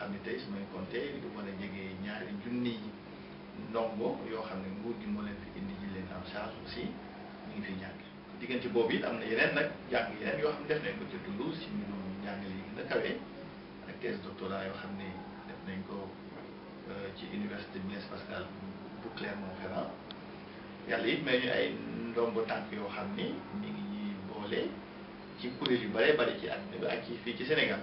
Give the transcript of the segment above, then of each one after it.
xam ne tey su may compté lu mën a jege ñaari junni ndongo yoo xam ne nguur gi moo leen fi indi ji leen en charge aussi ñu ngi fi jàng diggante boobu it am na yeneen nag jàng yeneen yoo xam ne def nañ ko ca Toulouse si mbirum njàngale yi gën a ak thèse doctorat yoo xam ne def nañ ko euh, ci université Blaise Pascal bu Clermont-Ferrand yàlla it may ñu ay ndombo tànk yoo xam ni ñu ngi ñuy boole ci kuréel yu bare bari ci àddina bi ak ci fii ci Sénégal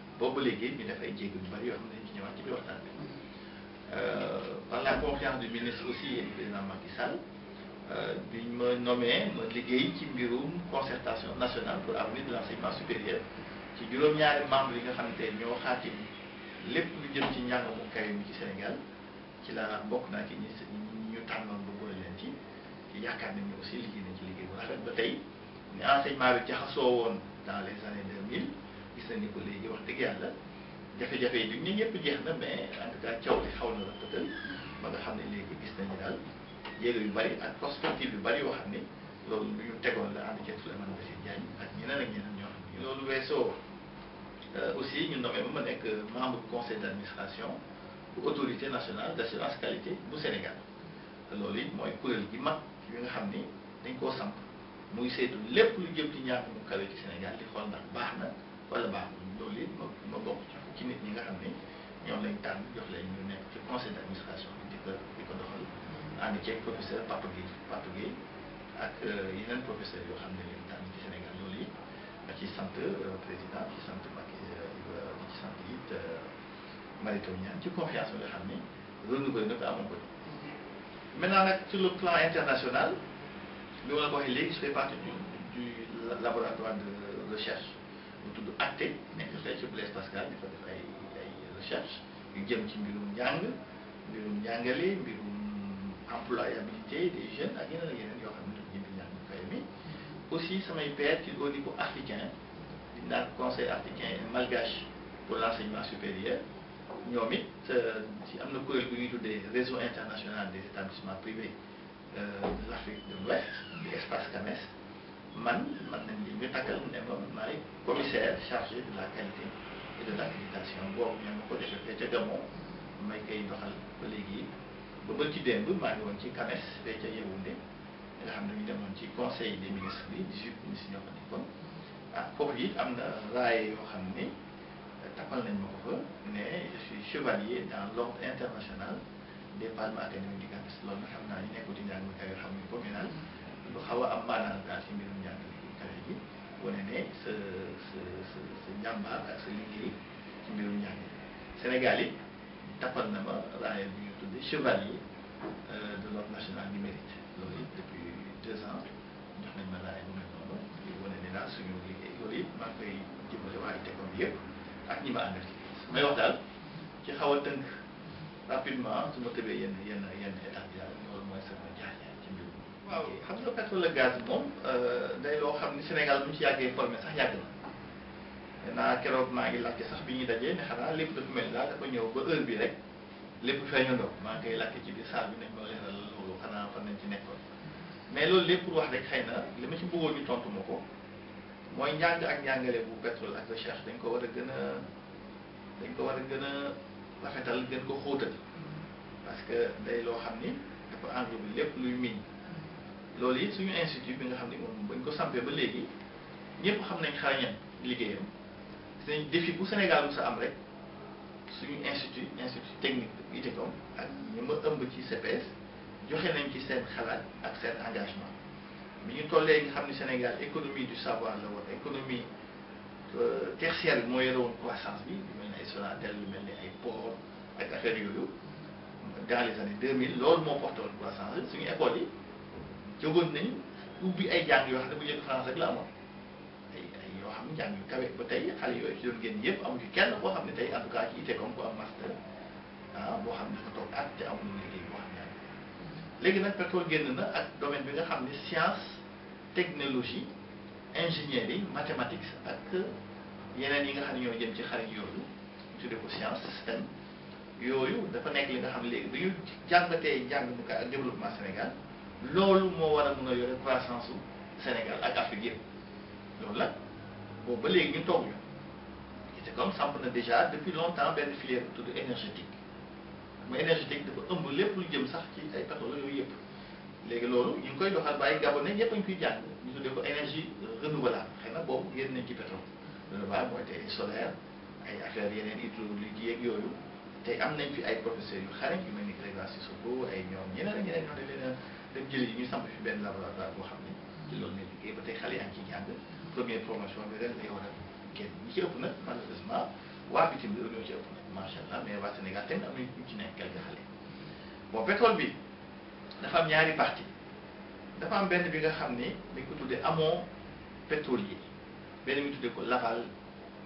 boobu ba léegi ñu def ay jéego yu bëri yoo xam ne ci ñëwaat ci biir waxtaan bi par la confiance du ministre aussi et du président Macky Sall biñ euh, ma nommé ma liggéey ci mbirum concertation nationale pour avenir de l' enseignement supérieur ci juróom-ñaari membre yi nga xam ne ñoo xaatim lépp lu jëm ci njàngamu kawe ci Sénégal ci la bokk naa ci ñi ñu tànnoon ba boole leen ci ci yaakaar nañ ne aussi liggéey nañ ci liggéey bu rafet ba tey ni enseignement bi jaxasoo woon dans les années 2000 gis nañu ko léegi wax dëgg yàlla jafe-jafe yi nit ñëpp jeex na mais en tout cas coow li xaw na la tëtal mm-hmm. ba nga xam ne léegi gis nañu daal jéego yu bari ak prospective yu bari yoo xam ne loolu lu ñu tegoon la ànd ceeg Souleymane si Diagne ak ñeneen ak ñeneen ñoo xam ne loolu weesoo euh, aussi ñu nommé ma ma nekk membre conseil d' administration bu autorité nationale d' assurance qualité bu Sénégal loolu it mooy kuréel gi mag yi nga xam ni dañ koo samp muy saytu lépp lu jëm ci ñàkk mu kawe Sénégal di xool wala baax na ma ma bokk ci fukki nit ñi nga xamné ne ñoom lañ tan jox lay ñu nekk ci conseil d'administration administration bi di ko di ko doxal and ci professeur Papa Guèye Papa Guèye ak yeneen professeur yo xamné ne lañ tànn ci Sénégal loolu ak ci ciy sant président ci sant Macky di ci sant it Mary Teuw ci confiance bi nga xam ne ko na ko amoon ko maintenant nak ci le plan international bi ma la ko waxee léegi je fais partie du du laboratoire de recherche bu tudd atte nekk fee ci Blaise Pascal di fa def ay ay recherche yu jëm ci mbirum njàng mbirum njàngale mbirum employabilité des jeunes nous avons fait yeneen yoo xam ne ñëpp ñaan ñu koy aussi samay père ci au niveau africain di naan conseil africain malgache pour l'enseignement supérieur nous avons fait des na kuréel bu ñuy des établissements privés euh, de l'Afrique de l'Ouest di espace CAMES man man nañ li ñu takkal ne ma maay commissaire chargé de la qualité et de l' accréditation boobu ñoo ma ko defee ca Gabon may koy doxal ba léegi ba ba ci démb maa ngi woon ci CAMES fee ca Yaoundé nga xam ne ñu demoon ci conseil des ministres bi 18 ministres ñoo fa nekkoon ah foofu it am na raaye yoo xam ni takkal nañ ma ko fa ne je suis chevalier dans l' ordre international des palmes académiques du CAMES loolu nga xam naa ñu nekkul di njàng mi kayo xam ni communal lu xaw am maanaam daal ci mbirum njàng kare gi wane ne sa sa sa njàmbaar ak sa liggéey ci mbirum njàng Sénégal yi tappal na ma raaya bi ñu tuddee chevalier de l'ordre national du mérite loolu depuis deux ans jox nañ ma raaya bu di wane ne maa koy jëmale waa ITECOM bi ak ñi ma àndal may wax daal ci xaw a tënk rapidement su ma tëbee yenn yenn yenn étapes yi waaw xam nga pétrole ak gaz moom euh, day loo xam ni Sénégal bu ñu ci yàggee formé sax yàgg na naa keroog maa ngi laajte sax bi ñu dajee ne xanaa lépp dafa mel daal dafa ñëw ba heure bii rek lépp feeñandoo maa ngi koy laajte ci biir saal bi nañ ma leeral loolu xanaa fan nañ ci nekkoon mais loolu lépp wax rek xëy na li ma ci bëggoon ñu tontu ko mooy njàng ak njàngale bu pétrole ak recherche dañ ko war a gën a dañ ko war a gën a rafetal gën ko xóotal que day loo xam ni dafa lépp luy miin. loolu it suñu institut bi nga xam ne moom bañ ko sampee ba léegi ñëpp xam nañ xarañam liggéeyam seen défi bu Sénégal bu sa am rek suñu institut institut technique ITECOM ak ñu ma ëmb ci CPS joxe nañ ci seen xalaat ak seen engagement bi ñu tollee nga xam ne Sénégal économie du savoir la woon économie euh, tertiaire bi moo woon croissance bi lu mel ne ay Sonatel lu mel ne ay port ak affaire yooyu dans les années 2000 loolu moo porté woon croissance suñu école yi jogon nañ ubi ay jang yo xamne bu njëkk France ak la am ay ay yo xamne jang yu kawé ba tay xale yo ci doon gën yépp amu ci kenn ko xamne tay en tout cas ci ité comme ko am master ah bo xamne ko tok ak at te amul liggéey bo xamne ya. légui nak léegi nag pétrole na ak domaine bi nga xamne science technologie ingénierie mathématiques ak yeneen yi nga xamne ñoo jëm ci xarit yooyu tuddee ko science système yoyu dafa nek li nga xam ne bu ñu jàngatee jang bu ka développement Sénégal lolu mo war a mun yore croissance Sénégal ak Afrique yëpp loolu la boobu ba légui ñu toog ñu c'est comme samp na déjà depuis longtemps ben filière bu énergétique mais énergétique dafa ëmb lépp lu jëm sax ci ay pétrole yooyu yëpp légui lolu ñu koy doxal bàyyi gabonais ñëpp ñu fi jàng ñu tuddee ko énergie renouvelable xéna na boobu génn nañ ci pétrole renouvelable mooy tey solaire ay affaires yeneen hydraulique yi yeeg yooyu tey am nañ fi ay professeurs yu xarit yu mel ni Grégoire Sissoko ay ñoom ñeneen ak ñeneen ñoo ne dem jëli yi ñu samp fi benn laboratoire boo xam ne ci loolu ne liggéey ba tey xale yaa ngi ciy jàng première formation bi ren lay war a génn ñi ci ëpp nag malheureusement waa bitim réew ñoo ci ëpp nag macha allah mais waa Sénégal tamit am nañ ci nekk quelques xale bon pétrole bi dafa am ñaari parti dafa am benn bi nga xam ni dañ ko tuddee amont pétrolier benn mi tuddee ko l'aval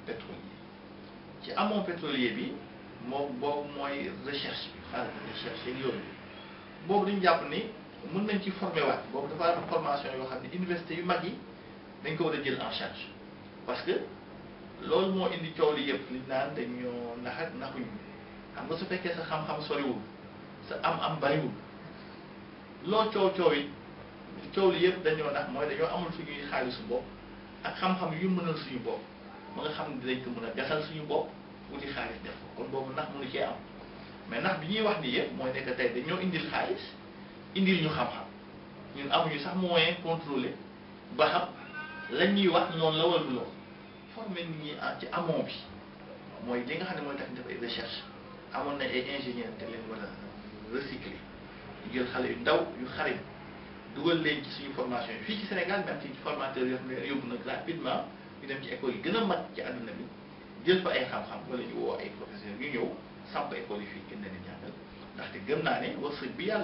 pétrolier ci amont pétrolier bi moom boobu mooy recherche bi xaalis recherche yeeg yooyu boobu duñ jàpp ni mun nañ ci formé waat boobu dafa am formation yoo xam ne université yu mag yi dañ ko war a jël en charge parce que loolu moo indi coow li yëpp li naan dañoo nax ak bi xam nga su fekkee sa xam-xam soriwul sa am-am bariwul loo coow coow yi coow li yëpp dañoo nax mooy dañoo amul suñuy xaalisu bopp ak xam-xam yu mënal suñu bopp ba nga xam ne dañ ko mën a gasal suñu bopp wuti xaalis def ko kon boobu nax mënu cee am mais nax bi ñuy wax ni yëpp mooy nekk tey dañoo indil xaalis. indil ñu xam-xam ñun amuñu sax moyen contrôler ba xam lañ ñuy wax noonu la wala loolu former nit ñi ah ci amont bi mooy li nga xam ne mooy tax ñu def ay recherche amoon nañ ay ingénieur tele leen war a jël xale yu ndaw yu xarañ dugal leen ci suñu formation yi fii ci Sénégal même ci formateur yoo xam ne yóbbu na rapidement ñu dem ci école yi gën a mag ci àdduna bi jël fa ay xam-xam wala ñu woo ay professeurs yu ñëw samp école yi fii gën leen a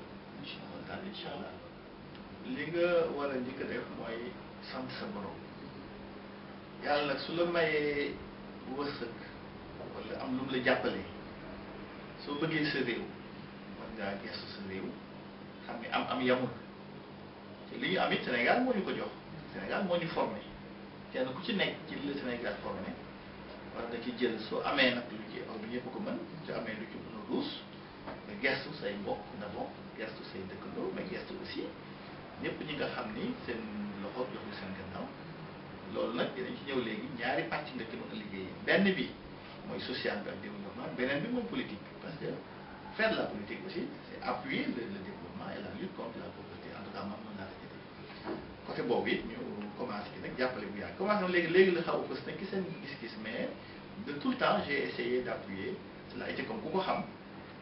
Andichana liga war a njëkk a def mooy sant sa borom yàlla nag su la mayee wërsëg wala am lu mu la jàppale soo bëggee sa réew mën ngaa gestu sa réew xam am am yamul te li ñu am it Sénégal moo ñu ko jox Sénégal moo ñu formé kenn ku ci nekk ci li la Sénégal formé war nga ci jël soo amee nag lu ci aw bi ñëpp ko mën su amee lu ci mën a mais gesto c'est un bon un avant gesto c'est un décolo mais Gaston aussi n'est pas n'importe que c'est l'Europe qui 50 ans l'Olna est venu au Légui il y a des partis de qui nous allions ben ne bi moi social ben développement ben ne politique parce que faire de la politique aussi c'est appuyer le, développement et la lutte contre la pauvreté en tout cas nous dans la société côté bon nous commençons avec déjà pour les biens commençons les les le chaos parce que c'est une discussion mais de tout le temps j'ai essayé d'appuyer cela a été comme beaucoup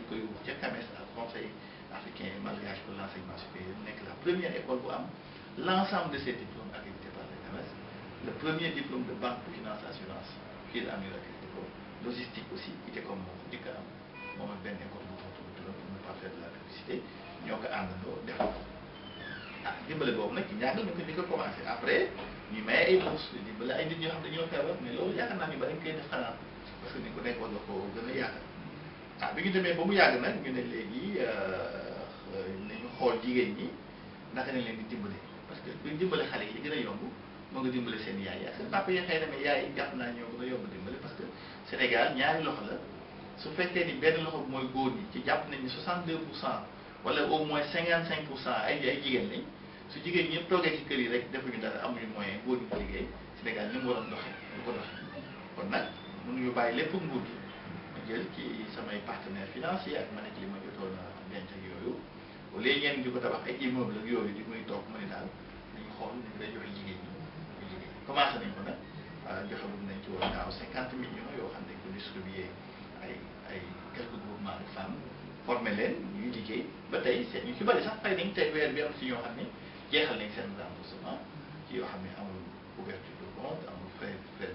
école bu ca CAMES ak conseil africain malgache pour l'enseignement enseignement supérieur nekk la première école bu am l' de ces diplômes accrédités par le CAMES le premier diplôme de banque de finance assurance qui est am ñu accrédité logistique aussi ITECOM moo ko njëkk a am moom école bu pour ne pas faire de la publicité ñoo ko àndandoo def ko ah dimbale boobu nag ci ñaata ñu ko ñu ko commencé après ñu may ay bourses dimbale ay nit ñoo xam dañoo feebar mais loolu yaakaar naa ñu bari ñu koy def xanaa parce que ni ko nekkoon la ko gën a yaatal. ah bi ñu demee ba mu yàgg nag ñu ne léegi euh, euh, ñu xool jigéen ñi ndax lañ leen di dimbale parce que buñ dimbale xale yi gën a yomb moo nga dimbale seen yaay yaay seen papa yi xëy na mais yaay jàpp naa ñoo gën a yomb dimbale parce que Sénégal ñaari loxo la su fekkee ni benn loxo bi mooy góor ñi ci jàpp nañ ni 62 pour cent wala au moins 55 pour cent ay ay jigéen lañ su jigéen ñi ñëpp toogee ci kër yi rek defuñu dara amuñu moyen góor ñi ko liggéey Sénégal ni mu ko doxee kon nag mënuñu bàyyi lépp nguur gi jël ci samay partenaire financier ak man ak li ma jotoon a denc ak yooyu au lieu ngeen di ko tabax ay immeuble ak yooyu di muy toog mu daal dañu xool ni koy joxe jigéen liggéey commencé nañ ko nag euh, joxe woon nañ ci woon daaw cinquante millions yoo xam ne ko distribué ay ay quelques groupements de femmes formé leen ñuy liggéey ba tey seen ñu ci bëri sax fay nañ weer bi am si ñoo xam ne jeexal nañ seen remboursement ci yoo xam ne amul ouverture de compte amul frais frais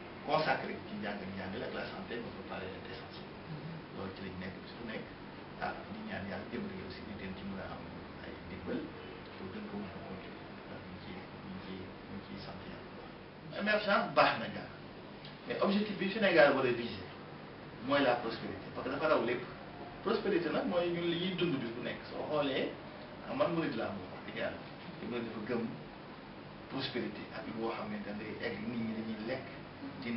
consacré ci njàng njàng la ak la santé moo ko pare essentiel loolu ci lañ nekk bis bu ce ah di ñaan yàlla jëm réew si ñu gën ci mën a am ay ndimbal pour gën ko mën a continuer ndax ñu ci ñu ci ñu ciy sant yàlla na jaar mais objectif bi Sénégal war a viser mooy la prospérité parce que dafa raw lépp prospérité nag mooy ñun li dund bis bu nekk soo xoolee man murid laa moom wax dëgg yàlla dafa gëm prospérité ak li boo da ngay nit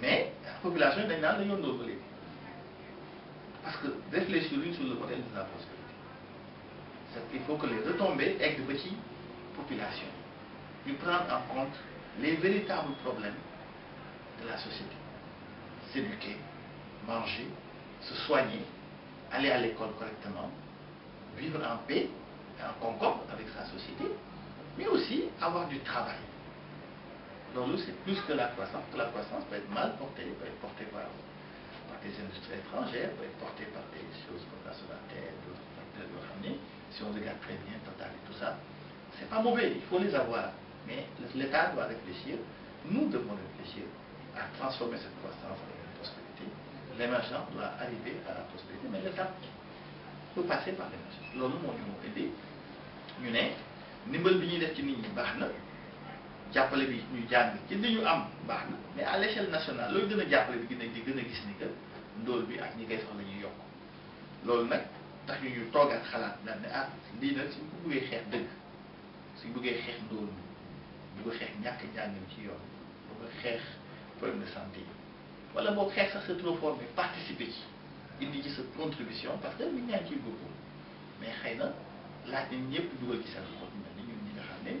mais la population est maintenant de parce que réfléchir sur le modèle de la prospérité c'est qu'il faut que les retombées avec de petites populations, et prendre en compte les véritables problèmes de la société s'éduquer manger se soigner aller à l'école correctement vivre en paix et en concorde avec sa société mais aussi avoir du travail dans nous, c'est plus que la croissance. Que la croissance peut être mal portée, peut être portée par, des industries étrangères, peut être portée par des choses comme la terre, la terre de ramener. Si on regarde très bien Total et tout ça, c'est pas mauvais, il faut les avoir. Mais l'État doit réfléchir, nous devons réfléchir à transformer cette croissance en une prospérité. L'émergence doit arriver à la prospérité, mais l'État peut passer par l'émergence. Loolu moo mot aidé nous ne mais bi def ci nit jàppale bi ñu jàng ci li ñu am baax na mais à l' échelle nationale looy gën a jàppale bi gën a di gën a gis ni que ndóol bi ak ñi koy soxla ñu yokk loolu nag tax ñu ñu toog xalaat daal ne ah lii nag suñ ko bëggee xeex dëgg suñ buggee xeex ndóol bi ñu ko xeex ñàkk njàng mi ci yoon bu xeex problème de santé yi wala boo xeex sax c'est trop fort mais participer ci indi ci sa contribution parce que nit ñaa ngi ciy mais xëy na laaj nañ ñëpp dugal ci sa xol mel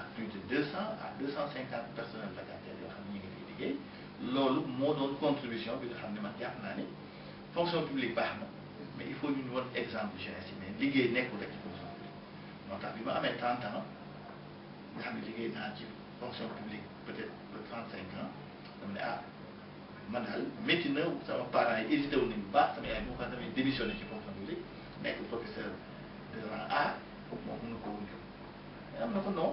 ak plus de deux à 250 cent cinquante personnels vacataires yoo xam ne ñu ngi fi liggéey loolu moo doon contribution bi nga xam ne man jàpp naa ne fonction publique baax na mais il faut ñu ñu won exemple jeunesse yi mais liggéey nekkul rek ci fonction publique moo tax bi ma amee trente ans nga xam ne liggéey naa ci fonction publique peut-être ba trente ans dama ne ah man daal métti na sama parents yi hésité wu nañu baax sama yaay bu xam damay démissionné ci fonction publique nekk professeur de rang A moom mën ko wuñu am na ko non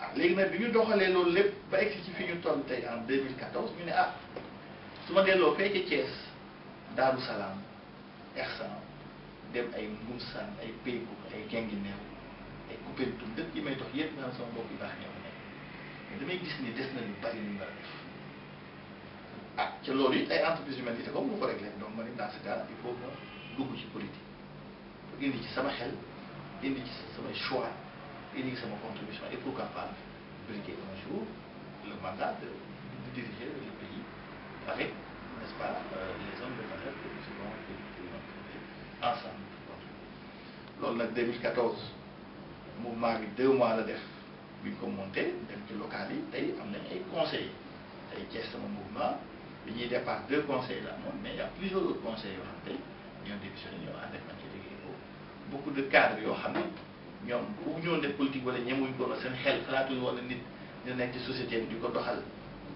ah léegi nag bi ñu doxalee loolu lépp ba egsi ci fi ñu toll tey en 2014 ñu ne ah su ma delloo fee ca Thiès Daaru Salaam Ersan dem ay Ngumsaan ay Pégu ay Gengineew ay Koupentoum dëkk yi may dox yëpp naan sama mbokk yu baax ñoo nekk damay gis ni des na lu bari lu ñu ah ca loolu it ay entreprises humanitaires comme lu ko réglé donc ma ne dans ce cas il faut ma dugg ci politique indi ci sama xel indi ci sama choix. et pour que c'est ma contribution et pourquoi pas un jour le mandat de, diriger le pays avec, n'est-ce pas, euh, les hommes de valeur que nous avons trouver ensemble. lors de 2014 mouvement deux mois la def bi commenté, monté dans le local il tey un ay Il a Thiès sama mouvement n'y a pas deux conseils la mais il y a plusieurs autres conseils qui y a ñoo démissionné qui ànd ak beaucoup de cadres yoo xam ñoom bu ñoo def politique wala ñemuñ ko seen xel xalaatuñu woon ne nit ñu nekk ci société bi di ko doxal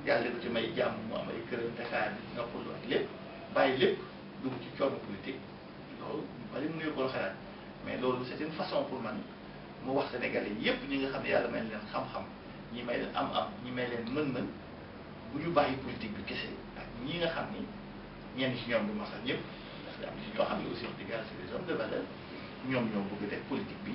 yàlla ko ci may jàmm mu am ay këram Dakar bi noppalu ak lépp bàyyi lépp dugg ci coono politique loolu bari mu nekkoon xalaat mais loolu c'est une façon pour man mu wax Sénégalais yépp ñi nga xam ne yàlla may leen xam-xam ñi may leen am-am ñi may leen mën-mën bu ñu bàyyi politique bi kese ak ñi nga xam ni ñenn ci ñoom bu ma sax ñëpp parce que am ñoo xam ne aussi wax dëgg yàlla c'est des ñoom ñoo bëgg def politique bi.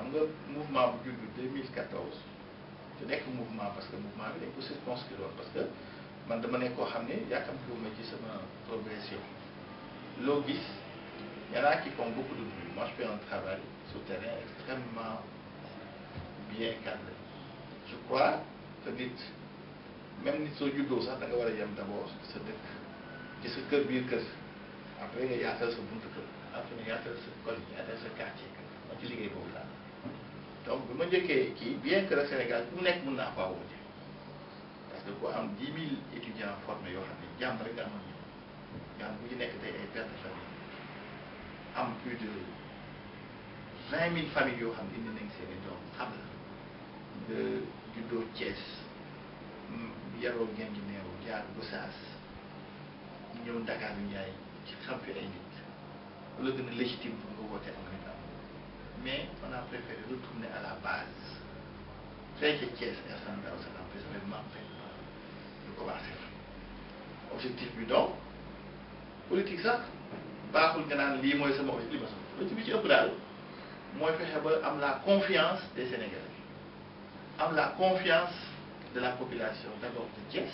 xam nga mouvement bu judd 2014 te nekk mouvement parce que mouvement bi dañ ko circonscrire woon parce que man dama nekk koo xam ne yàkkamtiwuma ci sama progression loo gis y en a qui font beaucoup de bruit moi je fais un travail souterrain extrêmement bien cadré je crois que nit même nit soo juddoo sax da nga war a yem d'abord ci sa dëkk ci sa kër biir kër après nga yaatal sa buntu kër après nga yaatal sa koñ yaatal sa quartier ma ci liggéey boobu laa donc bi ma njëkkee kii bien que le Sénégal ku nekk mën naa faa woote parce que ku am dix mille étudiants formés yoo xam ne jàmm rek nga amoon ñoom ñoo bu ñu nekk tey ay pères de famille am plus de vingt mille familles yoo xam ne indi nañ seen doom xam la nga juddoo Thiès yaroo ngeen di neew jaar Gossas ñëw Dakar Ndiaye ci xam fi ay nit wala gën a légitime pour nga woote am mais on a préféré retourner à la base. C'est que Thiès et Sandal se remplissent, mais m'empêche fait de Objectif du don, politique ça, baaxul nga naan lii mooy sama li ma Objectif bi ci ëpp am la confiance des Sénégalais am la confiance de la population d'abord de Thiès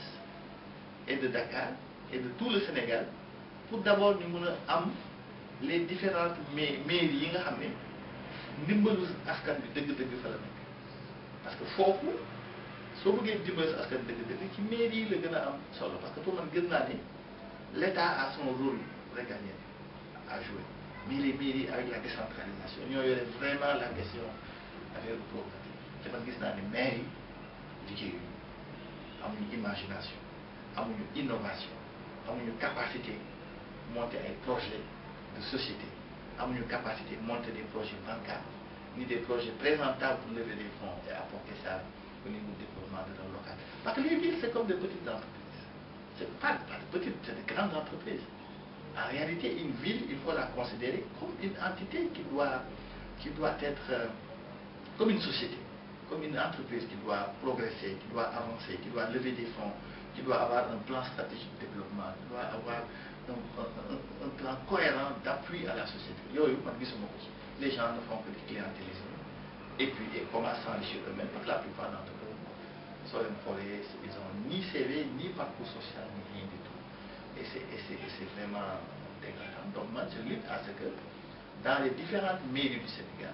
et de Dakar et de tout le Sénégal pour d'abord nous mën am les différentes mairies ndimbalu askan bi dëgg-dëgg fa la nekk parce que foofu soo bëggee dimbali askan dëgg-dëgg ci mairie yi la gën a am solo parce que pour man gën naa ni l'État a son rôle régalien à jouer mais les mairies avec la décentralisation ñoo yore vraiment la question affaire programmatique te man gis naa ni maire yi liggéeyuñu amuñu imagination amuñu innovation amuñu capacité monter ay projets de société une capacité monter des projets bancaires, ni des projets présentables pour lever des fonds et apporter ça au niveau du développement de nos local. Parce que les villes, c'est comme des petites entreprises. C'est pas, pas des petites, c'est des grandes entreprises. En réalité, une ville, il faut la considérer comme une entité qui doit, qui doit être euh, comme une société, comme une entreprise qui doit progresser, qui doit avancer, qui doit lever des fonds, qui doit avoir un plan stratégique de développement, qui doit avoir donc, un, euh, plan euh, euh, cohérent d'appui à la société. Les gens ne font que du clientélisme et puis ils commencent à eux-mêmes que la plupart d'entre eux sont ils n'ont ni CV, ni parcours social, ni rien du tout. Et c'est vraiment dégradant. Donc moi je lutte à ce que dans les différentes mairies du Sénégal,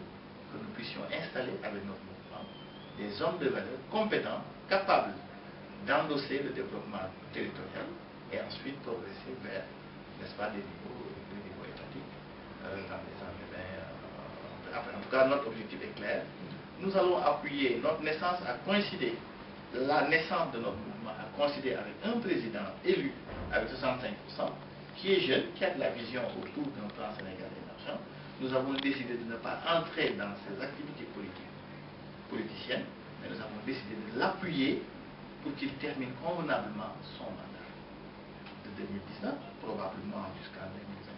que nous puissions installer avec notre mouvement des hommes de valeur compétents, capables d'endosser le développement territorial et ensuite progresser vers n'est-ce pas, des niveaux, des étatiques euh, dans euh, en tout cas, notre objectif est clair. Nous allons appuyer, notre naissance à coïncider la naissance de notre mouvement à coïncider avec un président élu avec 65%, qui est jeune, qui a de la vision autour d'un plan sénégalais d'argent. Nous avons décidé de ne pas entrer dans ses activités politiques, politiciennes, mais nous avons décidé de l'appuyer pour qu'il termine convenablement son mandat de 2019, probablement jusqu'à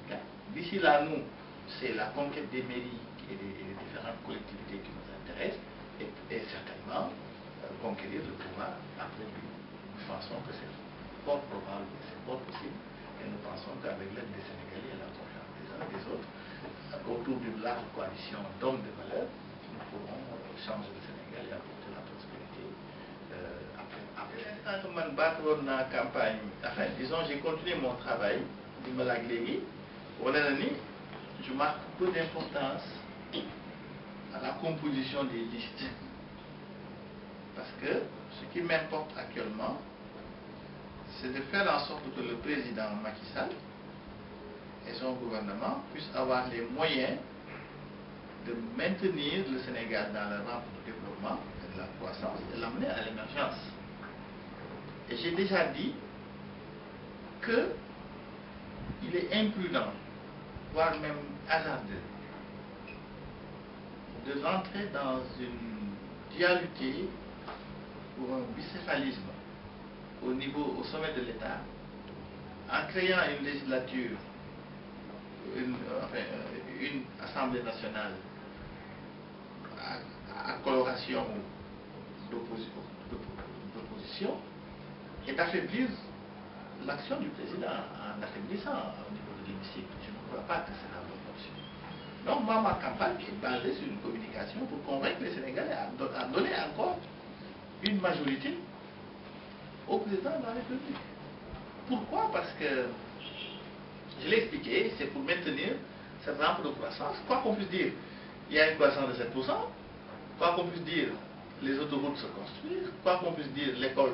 2024. D'ici là, nous, c'est la conquête des mairies et des différentes collectivités qui nous intéressent, et, certainement euh, conquérir le pouvoir après lui. Nous pensons que c'est fort probable, c'est fort possible, et nous pensons qu'avec l'aide des Sénégalais et la confiance des uns et des autres, autour d'une large coalition d'hommes de valeur, nous pourrons euh, changer le Sénégal et campagne disons j'ai continué mon travail je marque peu d'importance à la composition des listes parce que ce qui m'importe actuellement c'est de faire en sorte que le président Macky Sall et son gouvernement puissent avoir les moyens de maintenir le Sénégal dans la rampe du développement et de la croissance et l'amener à l'émergence j'ai déjà dit que il est imprudent, voire même hasardeux, de rentrer dans une dualité ou un bicéphalisme au niveau, au sommet de l'État, en créant une législature, une, assemblée nationale à coloration d'opposition, qui d'affaiblir l'action du président en affaiblissant au niveau de l'hémicycle. Je ne crois pas que c'est la bonne option. Donc, moi, ma campagne est basée sur une communication pour convaincre les Sénégalais à, donner encore une majorité au président de la République. Pourquoi Parce que, je l'ai expliqué, c'est pour maintenir cette ample de croissance. Quoi qu'on puisse dire, il y a une croissance de 7%, quoi qu'on puisse dire, les autoroutes se construisent, quoi qu'on puisse dire, l'école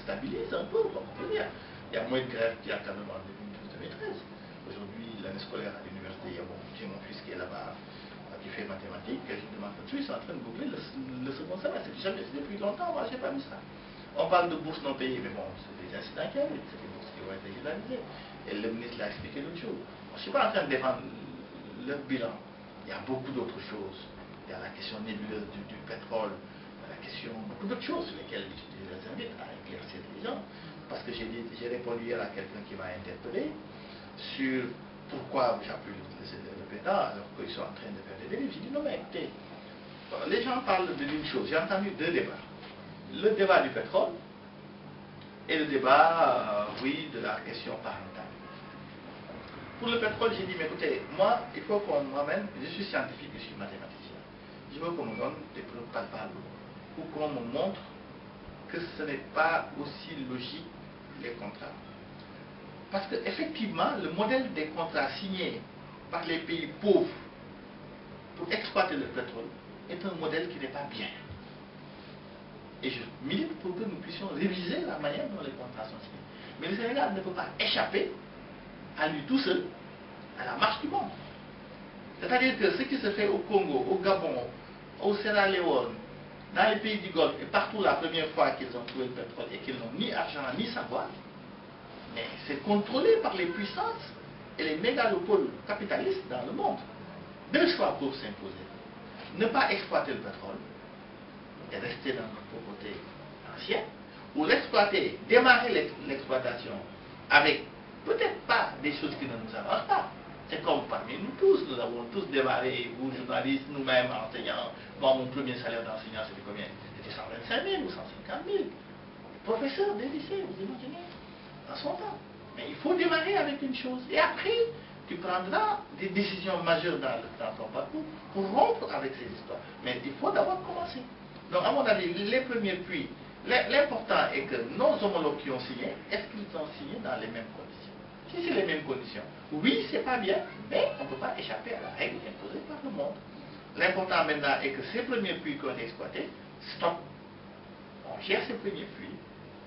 stabilise un peu, on peut dire. Il y a moins de grèves qu'il y a quand même en 2012-2013. Aujourd'hui, l'année scolaire à l'université, il y a mon fils qui est là-bas, euh, qui fait mathématiques, je demande ils sont en train de googler le, le second semestre. Jamais, depuis longtemps, moi, j'ai pas mis ça. On parle de bourses non payées, mais bon, c'est des incidents qui c'est des bourses qui ont été généralisées. Et le ministre l'a expliqué l'autre jour. je ne suis pas en train de défendre le bilan. Il y a beaucoup d'autres choses. Il y a la question nébuleuse du, du pétrole, la question, beaucoup d'autres choses sur lesquelles je les invite c'est parce que j'ai répondu à quelqu'un qui m'a interpellé sur pourquoi j'appuie le, pétard alors qu'ils sont en train de faire des délits. J'ai dit non mais écoutez, les gens parlent d'une chose, j'ai entendu deux débats. Le débat du pétrole et le débat, euh, oui, de la question parentale. Pour le pétrole, j'ai dit, mais écoutez, moi, il faut qu'on m'amène, je suis scientifique, je suis mathématicien, je veux qu'on me donne des preuves palpables, ou qu'on me montre que ce n'est pas aussi logique les contrats. Parce que effectivement, le modèle des contrats signés par les pays pauvres pour exploiter le pétrole est un modèle qui n'est pas bien. Et je milite pour que nous puissions réviser la manière dont les contrats sont signés. Mais le Sénégal ne peut pas échapper à lui tout seul à la marche du monde. C'est-à-dire que ce qui se fait au Congo, au Gabon, au Sierra Leone, dans les pays du Golfe, et partout la première fois qu'ils ont trouvé le pétrole et qu'ils n'ont ni argent ni savoir, mais c'est contrôlé par les puissances et les mégalopoles capitalistes dans le monde. Deux choix pour s'imposer. Ne pas exploiter le pétrole et rester dans notre pauvreté ancienne, ou l'exploiter, démarrer l'exploitation avec peut-être pas des choses qui ne nous avancent pas, c'est comme parmi nous tous, nous avons tous démarré, vous, journalistes, nous-mêmes, enseignants. Bon, mon premier salaire d'enseignant, c'était combien C'était 125 000 ou 150 000. Professeur des lycées, vous imaginez, Dans son temps. Mais il faut démarrer avec une chose. Et après, tu prendras des décisions majeures dans, dans ton parcours pour rompre avec ces histoires. Mais il faut d'abord commencer. Donc, à mon avis, les premiers puits, l'important est que nos homologues qui ont signé, est-ce qu'ils ont signé dans les mêmes conditions si c'est les mêmes conditions. Oui, c'est pas bien, mais on ne peut pas échapper à la règle imposée par le monde. L'important maintenant est que ces premiers puits qu'on a exploités, stop. On gère ces premiers puits,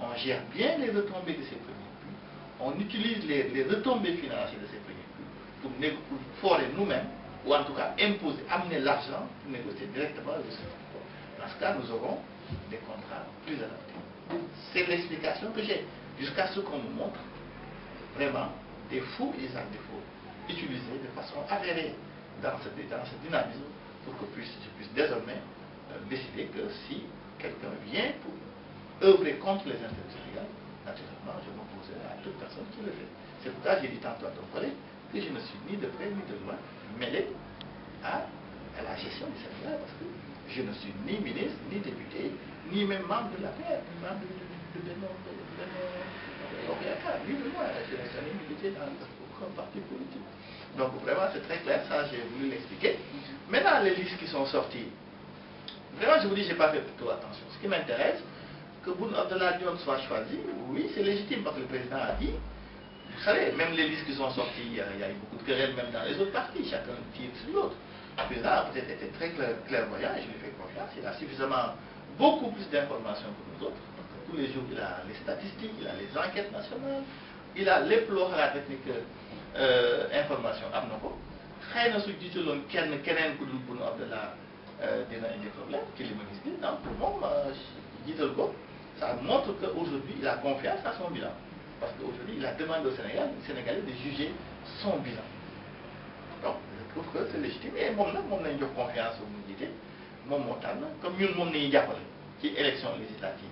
on gère bien les retombées de ces premiers puits, on utilise les, retombées financières de ces premiers puits pour, forer nous-mêmes, ou en tout cas imposer, amener l'argent pour négocier directement avec ce Dans ce cas, nous aurons des contrats plus adaptés. C'est l'explication que j'ai. Jusqu'à ce qu'on nous montre vraiment des faux et des antifaux utilisés de façon avérée dans cette dans dynamisme pour que puisse, je puisse désormais décider que si quelqu'un vient pour œuvrer contre les intérêts naturellement, je m'opposerai à toute personne qui le fait. C'est pour ça que j'ai dit tantôt à ton collègue que je ne suis ni de près ni de loin mêlé à, la gestion du Sénégal parce que je ne suis ni ministre, ni député, ni même membre de la paix, ni membre de, parti politique. Donc vraiment, c'est très clair, ça j'ai voulu l'expliquer. Maintenant, les listes qui sont sorties, vraiment, je vous dis, je n'ai pas fait plutôt attention. Ce qui m'intéresse, que Boun Abdallah soit choisi, oui, c'est légitime, parce que le président a dit, vous savez, même les listes qui sont sorties, il y, a, eu beaucoup de querelles, même dans les autres partis, chacun tire sur l'autre. Le là a peut été très clairvoyant, je lui fais confiance, il a suffisamment beaucoup plus d'informations que nous autres les jours, il a les statistiques, il a les enquêtes nationales, il a l'éploi à la technique information euh, problème pour euh, ça montre qu'aujourd'hui il a confiance à son bilan parce qu'aujourd'hui, il a demandé au Sénégal Sénégalais de juger son bilan donc je trouve que c'est légitime et mon mon confiance au monde mon mon comme ñun mon nañu qui ci élection législative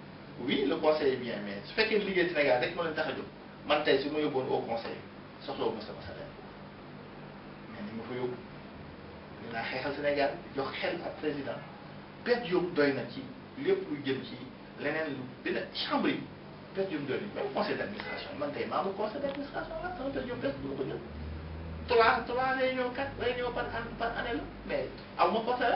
oui le conseil est bien mais qui fait le Sénégal rek moo leen tax je man su au conseil soxlawu ma sama salaire mais ni ma fa yóbbu la Sénégal xel président perte yóbbu ci lu chambre yi conseil d'administration administration il conseil d'administration. la du monde trois trois réunion quatre par année mais à mon conseil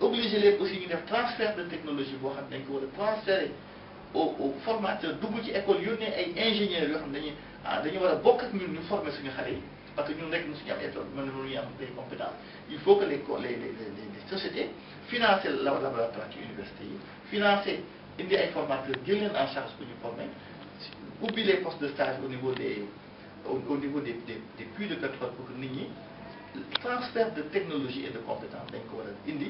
obligé les aussi ñu transfert de technologie boo xam ne dañ ko war a au au formateur ci école yone ay ingénieurs yo xam ne dañuy wara ah, dañu bokk ak ñun ñu former suñu xalé parce que ñun rek ñu suñu am école mën na ñu am des compétences il faut que les les les les sociétés financer la laboratoire ci université yi financer indi ay formateurs jël leen en charge pour ñu former oublier les postes de stage au niveau des au, niveau des, des, des de 4 pour que nit ñi transfert de technologie et de compétences dañ ko indi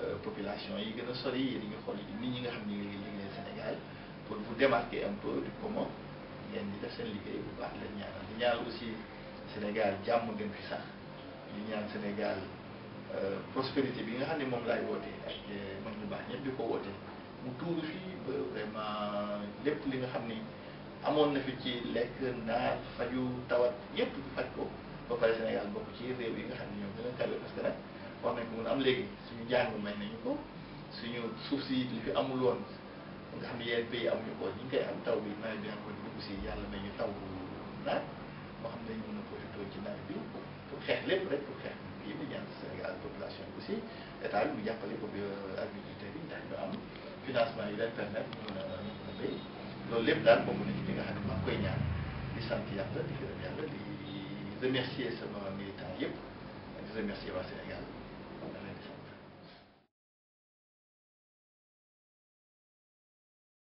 Euh, population yi gën a sori li ñu xool nit ñi nga xam ne ñu ngi liggéey Sénégal pour vous démarquer un peu du comment ngeen di def seen liggéey bu baax lañ ñaanal di ñaan aussi Sénégal jàmm gën fi sax di ñaan Sénégal euh, prospérité bi nga xam ne moom laay woote ak euh, mag ñu baax ñëpp di ko woote mu tuuru fii ba vraiment lépp li nga xam ni amoon na fi ci lekk naar faju tawat yépp faj ko ba pare Sénégal bokk ci réew yi nga xam ne ñoo gën a kawe parce que war nañ ko mën a am léegi suñu jàng may nañu ko suñu suuf si li fi amul woon nga xam ne yenn pays amuñu ko ñu ngi koy am taw bi nawet bi encore dugg si yàlla nañu taw naaj moo xam ne ñu bi pour xeex lépp rek pour xeex kii bi ñaan Sénégal population bi aussi état bi mu jàppale ko bi euh, agriculteurs yi ndax ñu am financement yi leen permettre ñu mën a mën a béy loolu lépp daal bokk na ci li ñaan di sant yàlla di gërëm yàlla di remercier sama militant remercier waa Sénégal